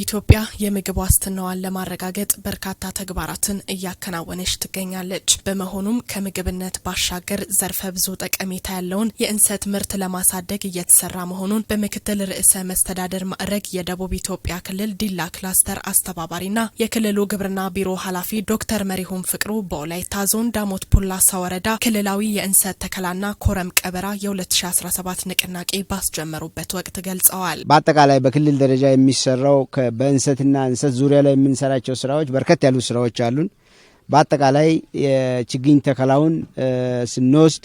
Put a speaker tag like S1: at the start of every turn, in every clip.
S1: ኢትዮጵያ የምግብ ዋስትናዋን ለማረጋገጥ በርካታ ተግባራትን እያከናወነች ትገኛለች። በመሆኑም ከምግብነት ባሻገር ዘርፈ ብዙ ጠቀሜታ ያለውን የእንሰት ምርት ለማሳደግ እየተሰራ መሆኑን በምክትል ርዕሰ መስተዳደር ማዕረግ የደቡብ ኢትዮጵያ ክልል ዲላ ክላስተር አስተባባሪና የክልሉ ግብርና ቢሮ ኃላፊ ዶክተር መሪሁን ፍቅሩ በወላይታ ዞን ዳሞት ፑላሳ ወረዳ ክልላዊ የእንሰት ተከላና ኮረም ቀበራ የ2017 ንቅናቄ ባስጀመሩበት ወቅት ገልጸዋል።
S2: በአጠቃላይ በክልል ደረጃ የሚሰራው በእንሰትና እንሰት ዙሪያ ላይ የምንሰራቸው ስራዎች በርከት ያሉ ስራዎች አሉን። በአጠቃላይ የችግኝ ተከላውን ስንወስድ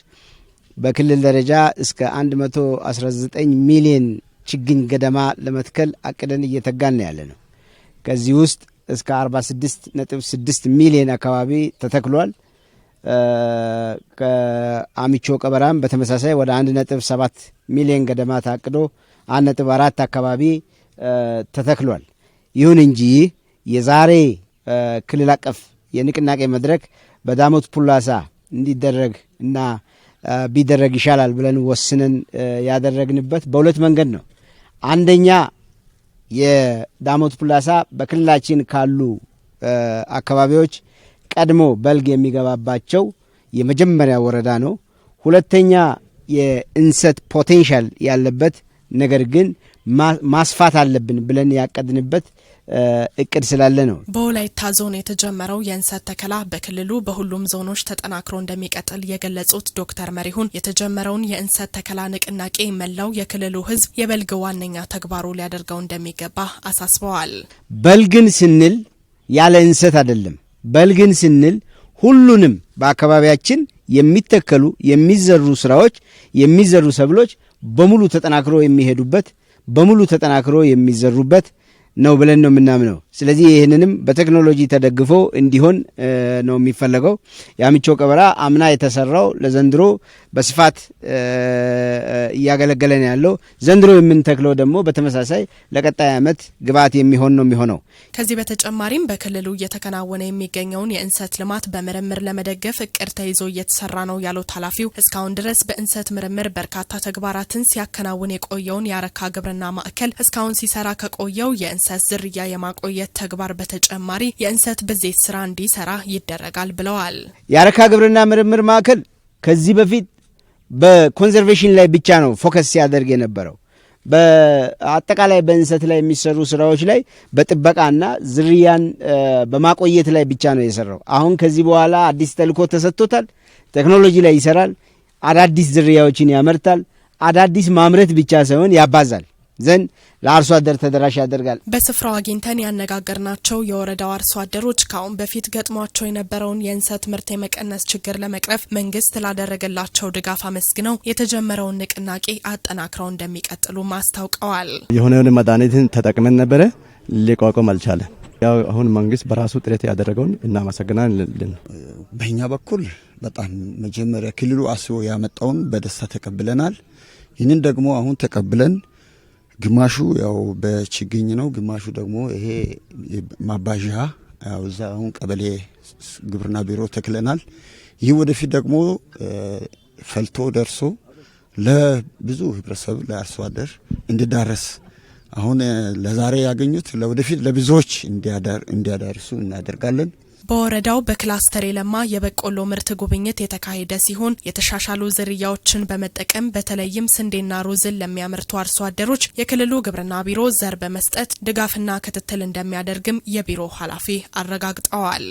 S2: በክልል ደረጃ እስከ 119 ሚሊዮን ችግኝ ገደማ ለመትከል አቅደን እየተጋን ያለ ነው። ከዚህ ውስጥ እስከ 46.6 ሚሊዮን አካባቢ ተተክሏል። ከአሚቾ ቀበራም በተመሳሳይ ወደ 1.7 ሚሊዮን ገደማ ታቅዶ 1.4 አካባቢ ተተክሏል። ይሁን እንጂ የዛሬ ክልል አቀፍ የንቅናቄ መድረክ በዳሞት ፑላሳ እንዲደረግ እና ቢደረግ ይሻላል ብለን ወስነን ያደረግንበት በሁለት መንገድ ነው። አንደኛ የዳሞት ፑላሳ በክልላችን ካሉ አካባቢዎች ቀድሞ በልግ የሚገባባቸው የመጀመሪያ ወረዳ ነው። ሁለተኛ የእንሰት ፖቴንሻል ያለበት ነገር ግን ማስፋት አለብን ብለን ያቀድንበት እቅድ ስላለ ነው።
S1: በወላይታ ዞን የተጀመረው የእንሰት ተከላ በክልሉ በሁሉም ዞኖች ተጠናክሮ እንደሚቀጥል የገለጹት ዶክተር መሪሁን የተጀመረውን የእንሰት ተከላ ንቅናቄ መላው የክልሉ ሕዝብ የበልግ ዋነኛ ተግባሩ ሊያደርገው እንደሚገባ አሳስበዋል።
S2: በልግን ስንል ያለ እንሰት አይደለም። በልግን ስንል ሁሉንም በአካባቢያችን የሚተከሉ የሚዘሩ ስራዎች የሚዘሩ ሰብሎች በሙሉ ተጠናክሮ የሚሄዱበት በሙሉ ተጠናክሮ የሚዘሩበት ነው ብለን ነው የምናምነው። ስለዚህ ይህንንም በቴክኖሎጂ ተደግፎ እንዲሆን ነው የሚፈለገው። የአሚቾ ቀበራ አምና የተሰራው ለዘንድሮ በስፋት እያገለገለን ያለው ዘንድሮ የምንተክለው ደግሞ በተመሳሳይ ለቀጣይ ዓመት ግብዓት የሚሆን ነው የሚሆነው።
S1: ከዚህ በተጨማሪም በክልሉ እየተከናወነ የሚገኘውን የእንሰት ልማት በምርምር ለመደገፍ እቅድ ተይዞ እየተሰራ ነው ያሉት ኃላፊው እስካሁን ድረስ በእንሰት ምርምር በርካታ ተግባራትን ሲያከናውን የቆየውን የአረካ ግብርና ማዕከል እስካሁን ሲሰራ ከቆየው የእንሰት ዝርያ የማቆየት ተግባር በተጨማሪ የእንሰት ብዜት ስራ እንዲሰራ ይደረጋል ብለዋል።
S2: የአረካ ግብርና ምርምር ማዕከል ከዚህ በፊት በኮንዘርቬሽን ላይ ብቻ ነው ፎከስ ሲያደርግ የነበረው። በአጠቃላይ በእንሰት ላይ የሚሰሩ ስራዎች ላይ በጥበቃና ዝርያን በማቆየት ላይ ብቻ ነው የሰራው። አሁን ከዚህ በኋላ አዲስ ተልእኮ ተሰጥቶታል። ቴክኖሎጂ ላይ ይሰራል። አዳዲስ ዝርያዎችን ያመርታል። አዳዲስ ማምረት ብቻ ሳይሆን ያባዛል። ዘንድ ለአርሶ አደር ተደራሽ ያደርጋል።
S1: በስፍራው አግኝተን ያነጋገርናቸው የወረዳው አርሶ አደሮች ከአሁን በፊት ገጥሟቸው የነበረውን የእንሰት ምርት የመቀነስ ችግር ለመቅረፍ መንግስት ላደረገላቸው ድጋፍ አመስግነው የተጀመረውን ንቅናቄ አጠናክረው እንደሚቀጥሉ አስታውቀዋል።
S3: የሆነውን መድኃኒትን ተጠቅመን ነበረ፣ ሊቋቋም አልቻለ ያው አሁን መንግስት በራሱ ጥረት ያደረገውን እናመሰግናለን።
S4: በእኛ በኩል በጣም መጀመሪያ ክልሉ አስቦ ያመጣውን በደስታ ተቀብለናል። ይህንን ደግሞ አሁን ተቀብለን ግማሹ ያው በችግኝ ነው፣ ግማሹ ደግሞ ይሄ ማባዣ ያው እዛ አሁን ቀበሌ ግብርና ቢሮ ተክለናል። ይህ ወደፊት ደግሞ ፈልቶ ደርሶ ለብዙ ህብረተሰብ ለአርሶ አደር እንዲዳረስ አሁን ለዛሬ ያገኙት ለወደፊት ለብዙዎች እንዲያዳርሱ እናደርጋለን።
S1: በወረዳው በክላስተር የለማ የበቆሎ ምርት ጉብኝት የተካሄደ ሲሆን የተሻሻሉ ዝርያዎችን በመጠቀም በተለይም ስንዴና ሩዝን ለሚያመርቱ አርሶ አደሮች የክልሉ ግብርና ቢሮ ዘር በመስጠት ድጋፍና ክትትል እንደሚያደርግም የቢሮ ኃላፊ አረጋግጠዋል።